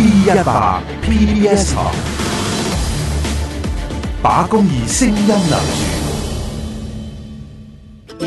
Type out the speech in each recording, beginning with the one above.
P 一百 PBS 台，把公義聲音留住。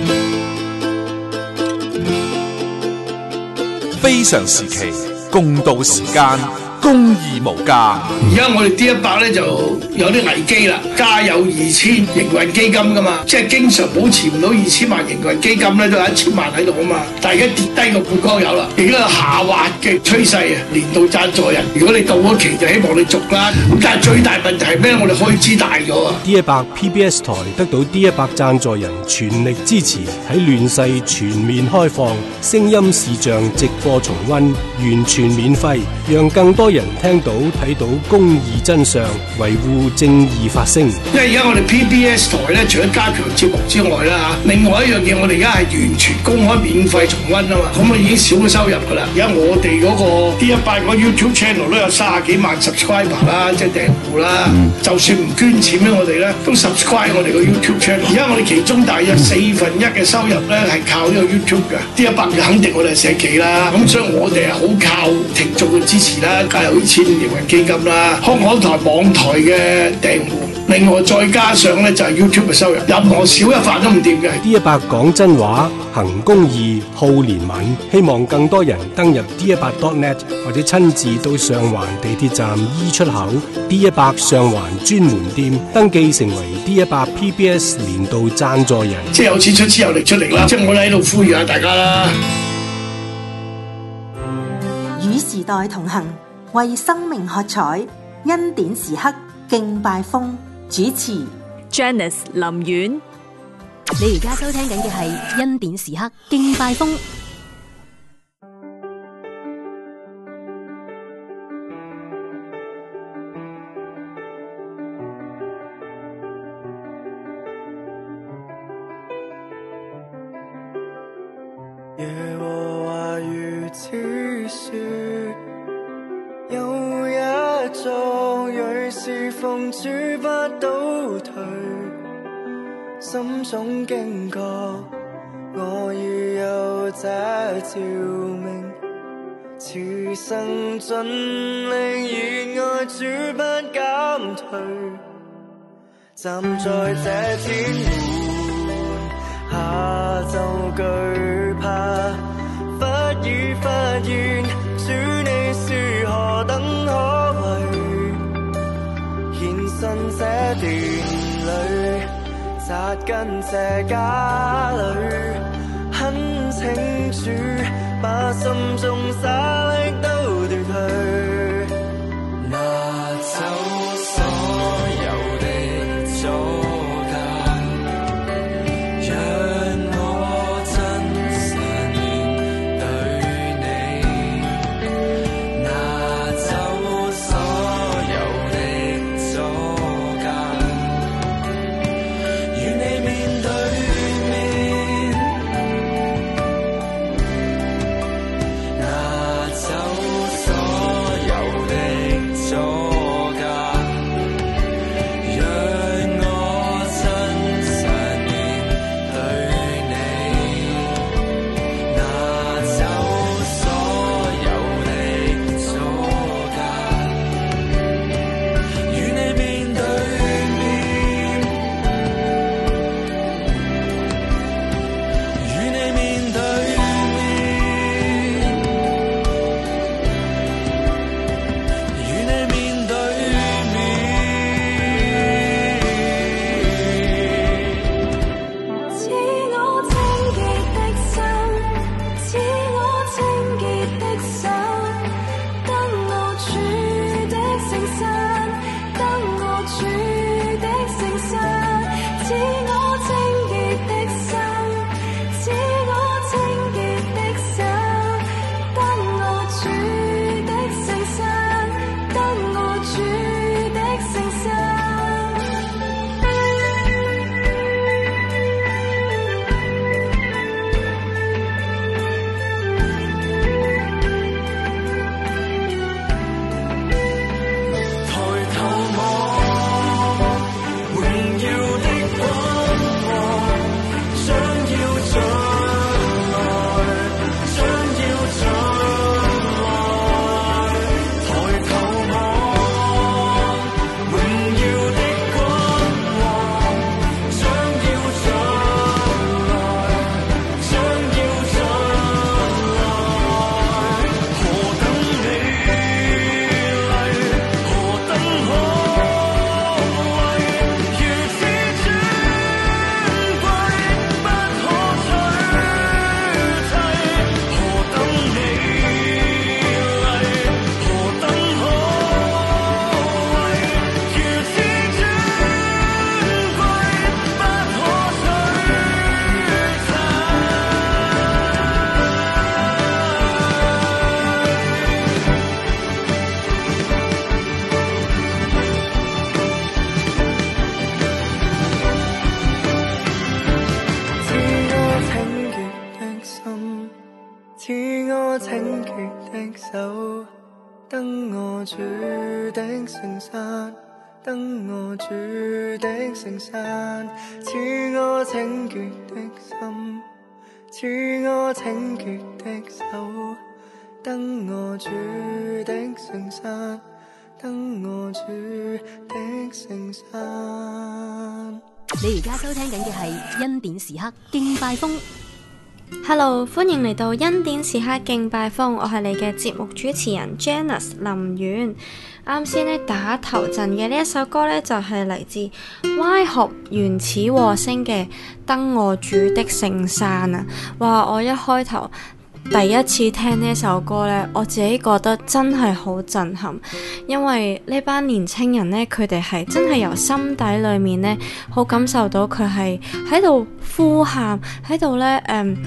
非常時期，共度時間。公義無價，而家我哋 D 一百咧就有啲危機啦。加有二千營運基金噶嘛，即係經常保持唔到二千萬營運基金咧，都有一千萬喺度啊嘛。大家跌低個罐光有啦，而家個下滑嘅趨勢啊，年度贊助人，如果你到咗期就希望你續啦。咁但係最大問題係咩？我哋開支大咗啊！D 一百 PBS 台得到 D 一百贊助人全力支持，喺亂世全面開放，聲音視像直播重温，完全免費，讓更多。人聽到睇到公義真相，維護正義發聲。因為而家我哋 PBS 台咧，除咗加強節目之外啦嚇，另外一樣嘢我哋而家係完全公開免費重溫啊嘛，咁啊已經少咗收入噶啦。而家我哋嗰個 D100 個 YouTube channel 都有三十幾萬 subscriber 啦，即係訂戶啦。就算唔捐錢俾我哋咧都 subscribe 我哋個 YouTube channel。而家我哋其中大約四分一嘅收入咧係靠呢個 YouTube 嘅。D100 人肯定我哋社企啦，咁所以我哋係好靠聽眾嘅支持啦。有千人嘅基金啦，香港台、網台嘅訂戶，另外再加上咧就係 YouTube 嘅收入，任何少一蚊都唔掂嘅。D 一百講真話，行公義，好憐憫，希望更多人登入 D 一百 dot net 或者親自到上環地鐵站 E 出口 D 一百上環專門店登記成為 D 一百 PBS 年度贊助人，即係有錢出錢，有力出力啦。咁我哋喺度呼籲下大家啦，與時代同行。為生命喝彩，恩典時刻敬拜風。主持 Janice 林苑，你而家收聽緊嘅係恩典時刻敬拜風。總驚覺我已有這條命，此生盡令熱愛主不減退。站在這天門下咒句。扎根這家裏很清楚，把心中沙礫都奪去。你而家收聽緊嘅係恩典時刻敬拜風。Hello，歡迎嚟到恩典時刻敬拜風，我係你嘅節目主持人 Janice 林婉。啱先咧打頭陣嘅呢一首歌呢，就係嚟自歪學原始和聲嘅《登我主的聖山》啊！哇，我一開頭。第一次聽呢首歌呢，我自己覺得真係好震撼，因為呢班年青人呢，佢哋係真係由心底裏面呢，好感受到佢係喺度呼喊，喺度呢，誒、嗯，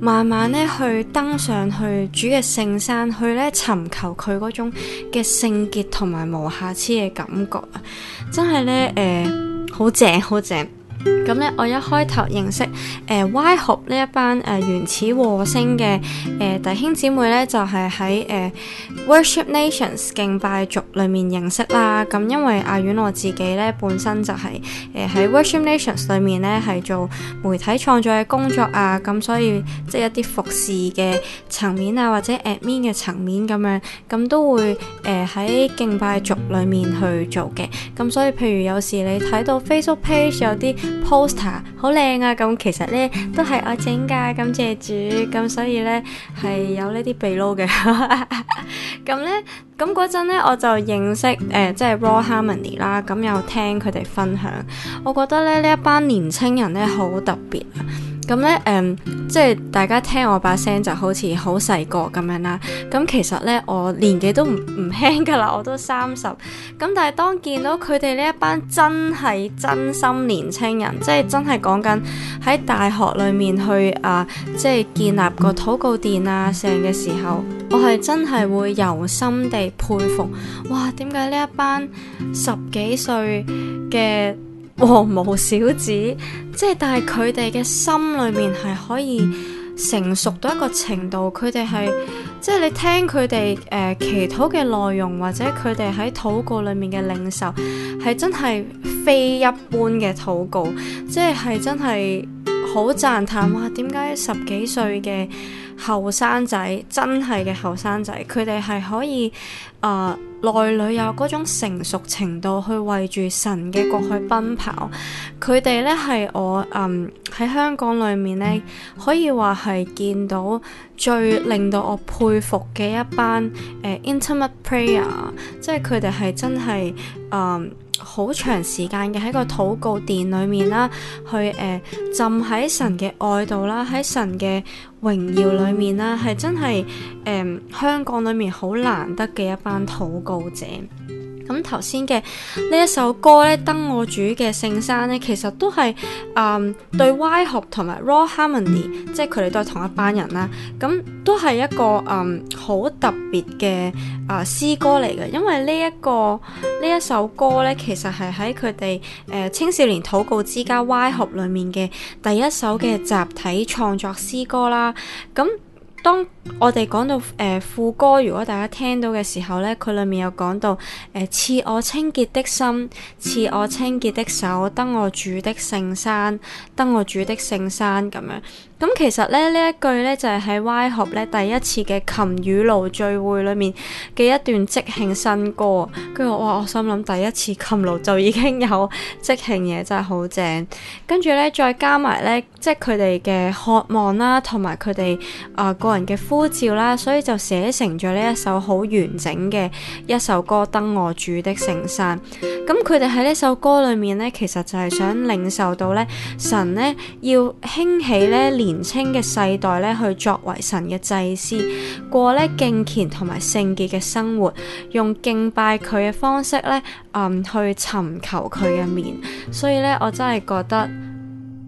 慢慢呢去登上去主嘅聖山，去呢尋求佢嗰種嘅聖潔同埋無瑕疵嘅感覺啊！真係呢，誒、呃，好正，好正。咁咧，我一開頭認識誒 Y 合呢一班誒、呃、原始和星嘅誒弟兄姊妹咧，就係、是、喺誒、呃、worship nations 敬拜族裡面認識啦。咁因為阿苑我自己咧本身就係、是、誒喺、呃、worship nations 裡面咧係做媒體創作嘅工作啊，咁所以即係一啲服侍嘅層面啊，或者 admin 嘅層面咁樣，咁都會誒喺、呃、敬拜族裡面去做嘅。咁所以譬如有時你睇到 Facebook page 有啲。Poster 好靚啊！咁其實呢都係我整㗎，感謝主，咁所以呢係有呢啲秘魯嘅。咁 呢，咁嗰陣咧我就認識誒，即、呃、係、就是、Raw Harmony 啦。咁又聽佢哋分享，我覺得咧呢一班年青人呢好特別啊！咁咧，誒、嗯，即係大家聽我把聲就好似好細個咁樣啦。咁其實咧，我年紀都唔唔輕㗎喇，我都三十。咁但係當見到佢哋呢一班真係真心年青人，即係真係講緊喺大學裡面去啊，即係建立個禱告殿啊成嘅時候，我係真係會由心地佩服。哇！點解呢一班十幾歲嘅？黃毛、哦、小子，即係但係佢哋嘅心裏面係可以成熟到一個程度，佢哋係即係你聽佢哋誒祈禱嘅內容，或者佢哋喺禱告裏面嘅領受，係真係非一般嘅禱告，即係真係好讚嘆。哇！點解十幾歲嘅後生仔，真係嘅後生仔，佢哋係可以誒。呃內裏有嗰種成熟程度去為住神嘅國去奔跑，佢哋咧係我嗯喺、um, 香港裏面咧，可以話係見到。最令到我佩服嘅一班誒、呃、Intimate Prayer，即係佢哋係真係誒好長時間嘅喺個禱告殿裏面啦，去誒、呃、浸喺神嘅愛度啦，喺神嘅榮耀裏面啦，係真係誒、呃、香港裏面好難得嘅一班禱告者。咁頭先嘅呢一首歌咧，《登我主嘅聖山》咧，其實都係誒、嗯、對歪學同埋 Raw Harmony，即係佢哋都係同一班人啦。咁、嗯、都係一個誒好、嗯、特別嘅啊、呃、詩歌嚟嘅，因為呢一個呢一首歌咧，其實係喺佢哋誒青少年禱告之家歪學裡面嘅第一首嘅集體創作詩歌啦。咁、嗯當我哋講到誒、呃、副歌，如果大家聽到嘅時候咧，佢裡面有講到誒賜、呃、我清潔的心，賜我清潔的手，登我主的聖山，登我主的聖山咁樣。咁其實咧，呢一句呢，就係喺歪合咧第一次嘅琴與爐聚會裏面嘅一段即興新歌。跟住我話我心諗，第一次琴爐就已經有即興嘢，真係好正。跟住呢，再加埋呢，即係佢哋嘅渴望啦，同埋佢哋啊個人嘅呼召啦，所以就寫成咗呢一首好完整嘅一首歌《登我主的聖山》。咁佢哋喺呢首歌裏面呢，其實就係想領受到呢神呢，要興起呢。年青嘅世代咧，去作為神嘅祭司，過咧敬虔同埋聖潔嘅生活，用敬拜佢嘅方式咧，嗯，去尋求佢嘅面。所以咧，我真係覺得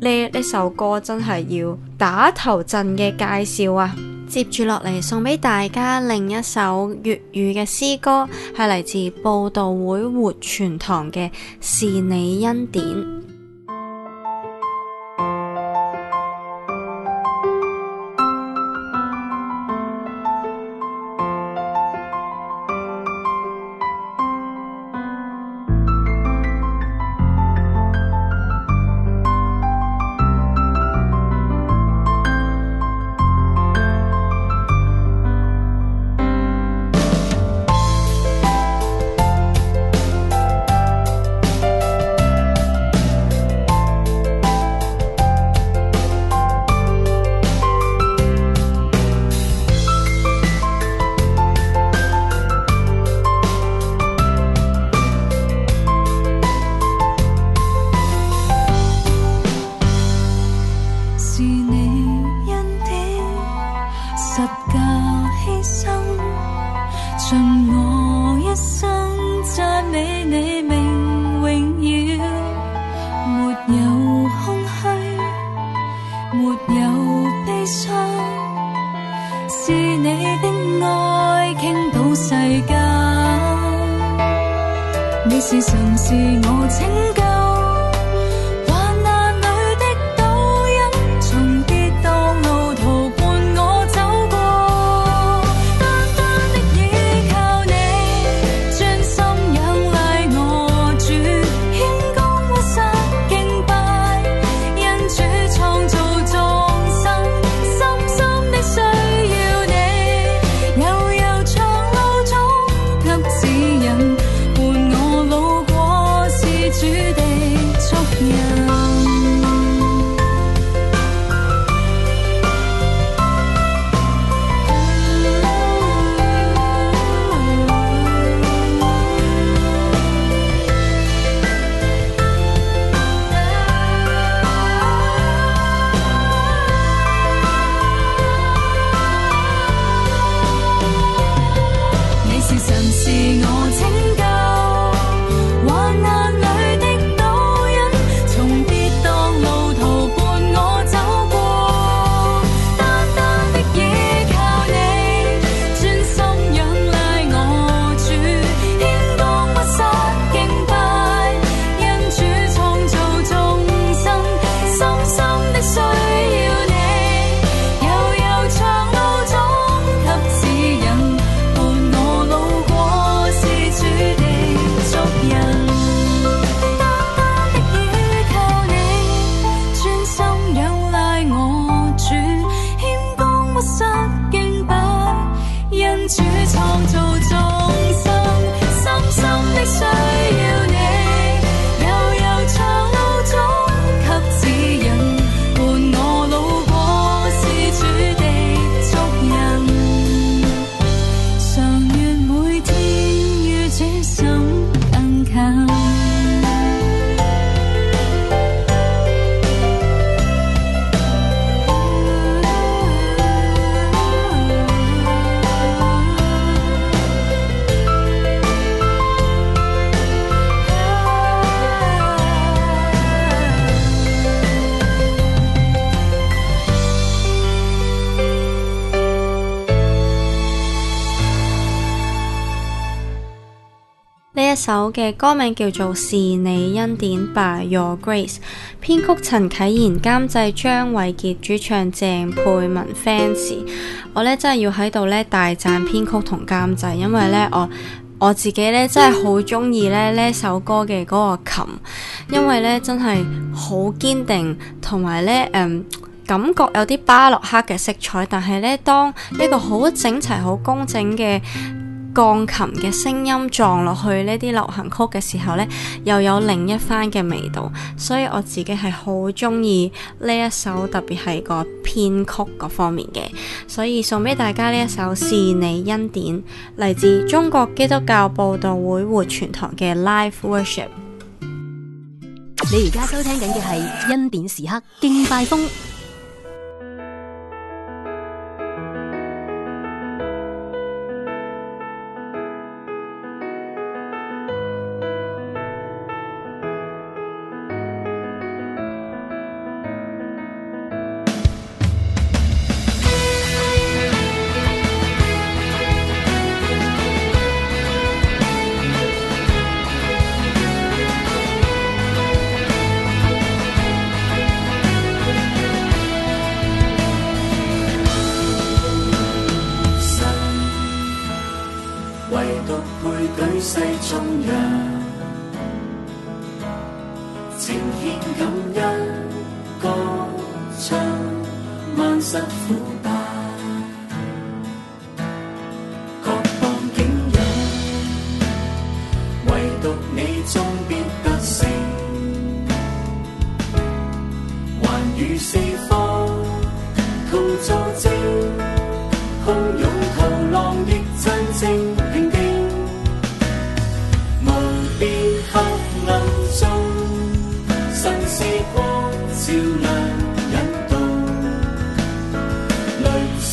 呢呢首歌真係要打頭陣嘅介紹啊！接住落嚟送俾大家另一首粵語嘅詩歌，係嚟自報道會活全堂嘅《是你恩典》。嘅歌名叫做是你恩典，By Your Grace，編曲陳啟賢，監製張偉杰，主唱鄭佩文。fans，我咧真係要喺度咧大讚編曲同監製，因為咧我我自己咧真係好中意咧呢首歌嘅嗰個琴，因為咧真係好堅定，同埋咧誒感覺有啲巴洛克嘅色彩，但係咧當呢個好整齊、好工整嘅。鋼琴嘅聲音撞落去呢啲流行曲嘅時候呢，又有另一番嘅味道，所以我自己係好中意呢一首，特別係個編曲嗰方面嘅，所以送俾大家呢一首《是你恩典》，嚟自中國基督教報道會活泉堂嘅 Live Worship。你而家收聽緊嘅係《恩典時刻》敬拜風。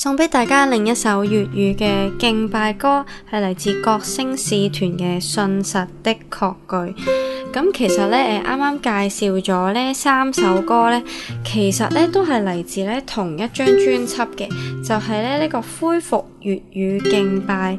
送俾大家另一首粵語嘅敬拜歌，係嚟自國星使團嘅《信實的確據》。咁其實呢，誒啱啱介紹咗呢三首歌呢，其實呢都係嚟自呢同一張專輯嘅，就係呢呢個《恢復粵語敬拜》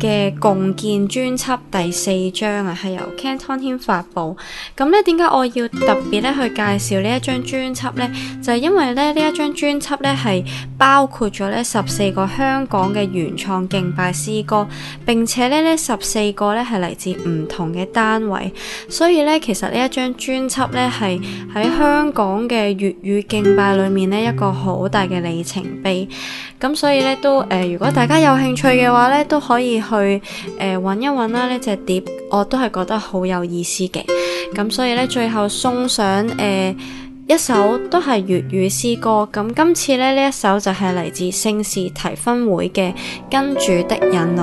嘅共建專輯第四章啊，係由 Cantonian 發布。咁咧，點解我要特別咧去介紹呢一張專輯咧？就係、是、因為咧，一呢一張專輯咧係包括咗咧十四個香港嘅原創敬拜詩歌，並且咧咧十四個咧係嚟自唔同嘅單位。所以咧，其實一呢一張專輯咧係喺香港嘅粵語敬拜裏面咧一個好大嘅里程碑。咁所以咧都誒、呃，如果大家有興趣嘅話咧，都可以。去揾、呃、一揾啦呢隻碟，我都係覺得好有意思嘅。咁所以呢，最後送上誒、呃、一首都係粵語詩歌。咁今次呢，呢一首就係嚟自聖士提反會嘅《跟住的引路》。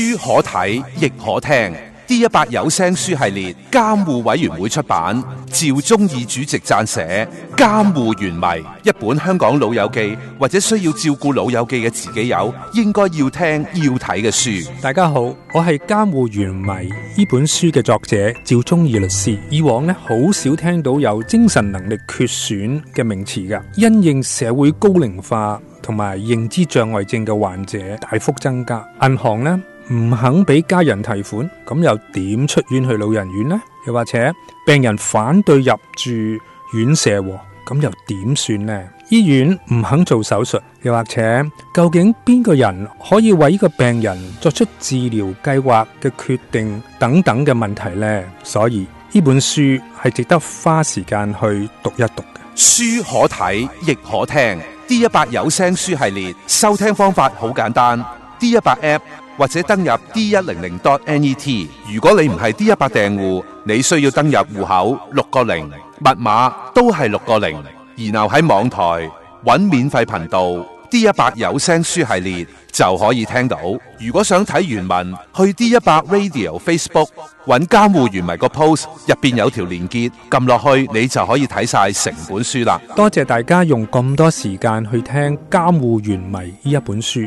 書可睇，亦可聽。D18 有聲書系列，監護委員會出版。趙忠義主席撰寫《監護原迷》，一本香港老友記或者需要照顧老友記嘅自己友應該要聽要睇嘅書。大家好，我係《監護原迷》呢本書嘅作者趙忠義律師。以往呢，好少聽到有精神能力缺損嘅名詞噶，因應社會高齡化同埋認知障礙症嘅患者大幅增加，銀行呢。唔肯俾家人提款，咁又點出院去老人院呢？又或者病人反對入住院舍，咁又點算呢？醫院唔肯做手術，又或者究竟邊個人可以為呢個病人作出治療計劃嘅決定等等嘅問題呢？所以呢本書係值得花時間去讀一讀嘅。書可睇亦可聽，D100 有聲書系列，收聽方法好簡單，D100 App。或者登入 d 一零零 dot net。如果你唔係 D 一百訂戶，你需要登入戶口六個零，密碼都係六個零。然後喺網台搵免費頻道 D 一百有聲書系列就可以聽到。如果想睇原文，去 D 一百 Radio Facebook 搵監護員迷個 post，入邊有條連結，撳落去你就可以睇晒成本書啦。多謝大家用咁多時間去聽《監護員迷》呢一本書。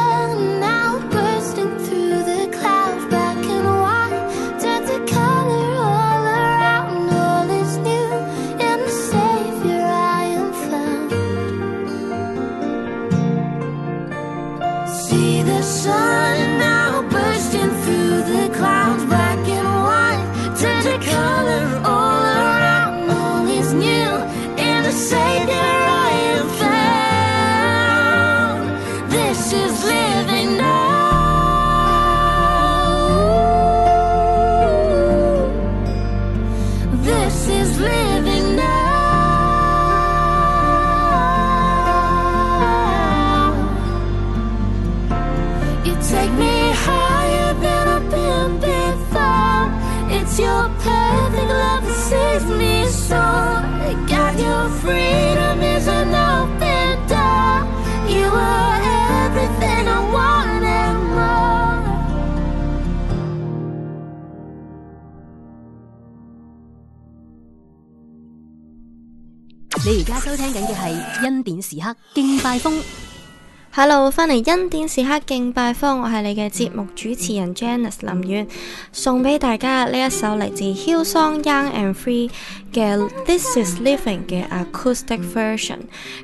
翻嚟，恩典時刻敬拜方，我係你嘅節目主持人 Janice 林苑，送俾大家呢一首嚟自 Hillsong Young and Free 嘅 This Is Living 嘅 Acoustic Version。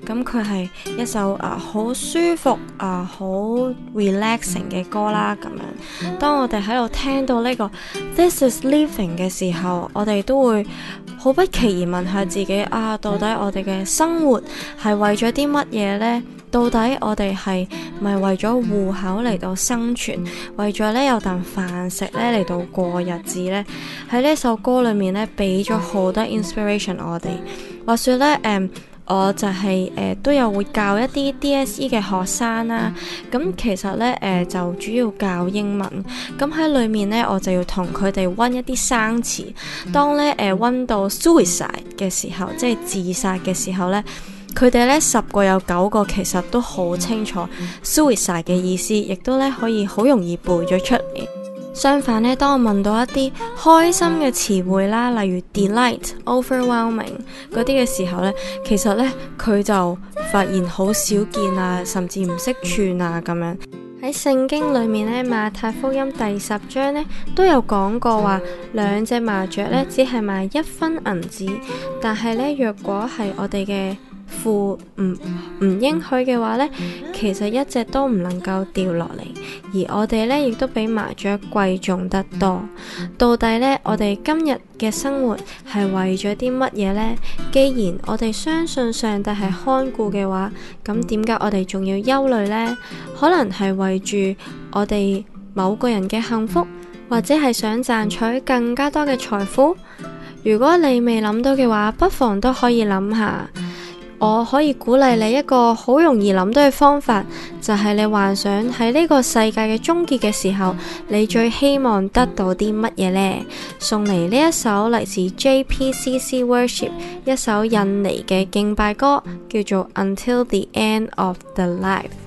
咁佢係一首啊好、呃、舒服啊好、呃、relaxing 嘅歌啦。咁樣，當我哋喺度聽到呢、呢個 This Is Living 嘅時候，我哋都會好不期然問下自己啊，到底我哋嘅生活係為咗啲乜嘢呢？」到底我哋係咪為咗戶口嚟到生存，為咗呢有啖飯食咧嚟到過日子咧？喺呢首歌裏面咧俾咗好多 inspiration 我哋。話説呢，誒、嗯、我就係、是、誒、呃、都有會教一啲 DSE 嘅學生啦、啊。咁其實呢，誒、呃、就主要教英文。咁喺裏面呢，我就要同佢哋温一啲生詞。當呢誒、呃、温到 suicide 嘅時候，即係自殺嘅時候呢。佢哋咧十個有九個，其實都好清楚 suicide 嘅、嗯、意思，亦都咧可以好容易背咗出嚟。相反呢，當我問到一啲開心嘅詞彙啦，例如 delight、overwhelming 嗰啲嘅時候呢，其實呢，佢就發現好少見啊，甚至唔識串啊咁樣。喺聖經裡面呢，馬太福音第十章呢都有講過話，兩隻麻雀呢，只係賣一分銀子，但係呢，若果係我哋嘅。父唔唔應許嘅話呢，其實一隻都唔能夠掉落嚟。而我哋呢，亦都比麻雀貴重得多。到底呢，我哋今日嘅生活係為咗啲乜嘢呢？既然我哋相信上帝係看顧嘅話，咁點解我哋仲要憂慮呢？可能係為住我哋某個人嘅幸福，或者係想賺取更加多嘅財富。如果你未諗到嘅話，不妨都可以諗下。我可以鼓勵你一個好容易諗到嘅方法，就係你幻想喺呢個世界嘅終結嘅時候，你最希望得到啲乜嘢呢？送嚟呢一首嚟自 JPCC Worship 一首印尼嘅敬拜歌，叫做 Until the End of the Life。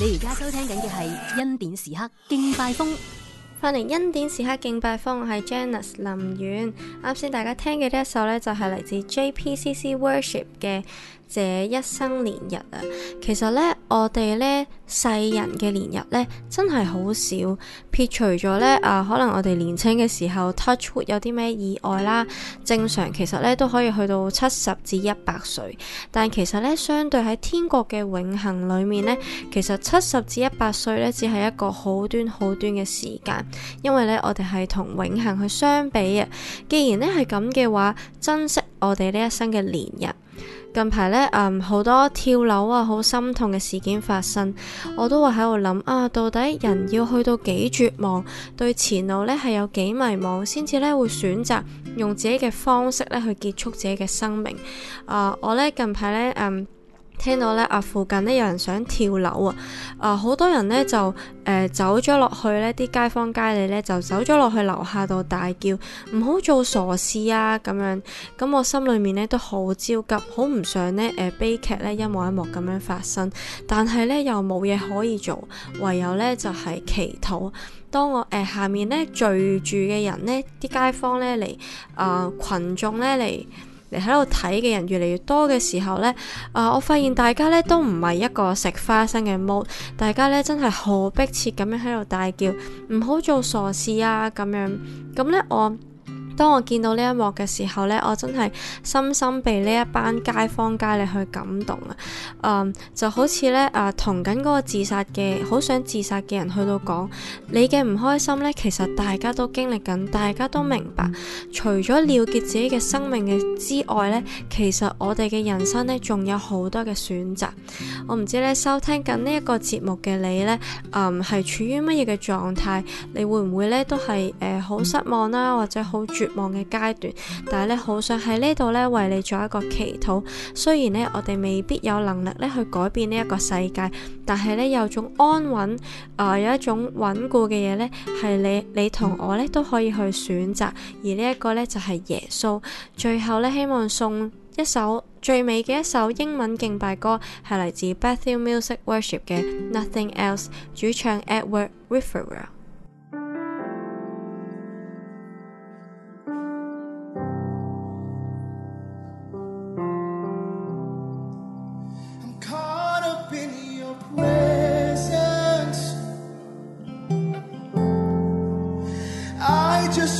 你而家收聽緊嘅係恩典時刻敬拜風，歡迎恩典時刻敬拜風，我係 Janice 林苑。啱先大家聽嘅呢一首呢，就係嚟自 JPCC Worship 嘅。這一生年日啊，其實呢，我哋呢世人嘅年日呢，真係好少。撇除咗呢。啊、呃，可能我哋年青嘅時候 touch wood 有啲咩意外啦，正常其實呢都可以去到七十至一百歲。但其實呢，相對喺天國嘅永恒裏面呢，其實七十至一百歲呢，只係一個好短好短嘅時間。因為呢，我哋係同永恒去相比啊。既然呢係咁嘅話，珍惜我哋呢一生嘅年日。近排呢，嗯，好多跳樓啊，好心痛嘅事件發生，我都會喺度諗啊，到底人要去到幾絕望，對前路呢係有幾迷惘，先至呢會選擇用自己嘅方式呢去結束自己嘅生命。啊，我呢，近排呢……嗯。聽到咧啊，附近呢有人想跳樓啊！啊、呃，好多人咧就誒、呃、走咗落去咧，啲街坊街里，咧就走咗落去樓下度大叫，唔好做傻事啊！咁樣咁，樣樣我心裏面咧都好焦急，好唔想呢誒、呃、悲劇咧一幕一幕咁樣發生，但係咧又冇嘢可以做，唯有咧就係、是、祈禱。當我誒、呃、下面咧聚住嘅人咧，啲街坊咧嚟啊，羣眾咧嚟。呃群嚟喺度睇嘅人越嚟越多嘅時候呢，啊、呃！我發現大家呢都唔係一個食花生嘅 mode，大家呢真係好逼切咁樣喺度大叫，唔好做傻事啊！咁樣，咁呢我。當我見到呢一幕嘅時候呢，我真係深深被呢一班街坊街里去感動啊、嗯！就好似呢，誒、呃，同緊嗰個自殺嘅，好想自殺嘅人去到講你嘅唔開心呢，其實大家都經歷緊，大家都明白，除咗了結自己嘅生命嘅之外呢，其實我哋嘅人生呢，仲有好多嘅選擇。我唔知咧收聽緊呢一個節目嘅你呢，誒、嗯，係處於乜嘢嘅狀態？你會唔會呢？都係誒好失望啦、啊，或者好絕望嘅階段，但係咧好想喺呢度咧為你做一個祈禱。雖然呢，我哋未必有能力咧去改變呢一個世界，但係呢，有種安穩啊、呃，有一種穩固嘅嘢呢，係你你同我呢都可以去選擇。而呢一個呢，就係、是、耶穌。最後呢，希望送一首最美嘅一首英文敬拜歌，係嚟自 Bethel Music Worship 嘅《Nothing Else》，主唱 Edward Rivera、well.。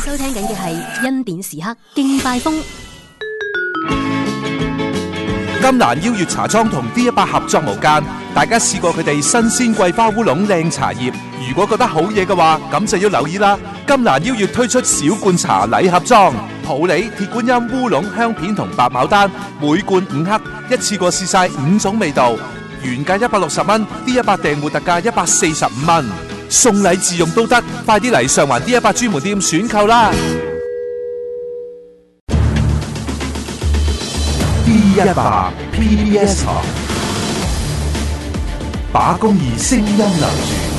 收聽緊嘅係恩典時刻敬拜風金蘭邀月茶莊同 D 一百合作無間，大家試過佢哋新鮮桂花烏龍靚茶葉，如果覺得好嘢嘅話，咁就要留意啦。金蘭邀月推出小罐茶禮盒裝，普洱、鐵觀音、烏龍、香片同白牡丹，每罐五克，一次過試晒五種味道，原價一百六十蚊，D 一百訂戶特價一百四十五蚊。送禮自用都得，快啲嚟上環 D 一百專門店選購啦！D 一百 PBS，啊、把公義聲音留住。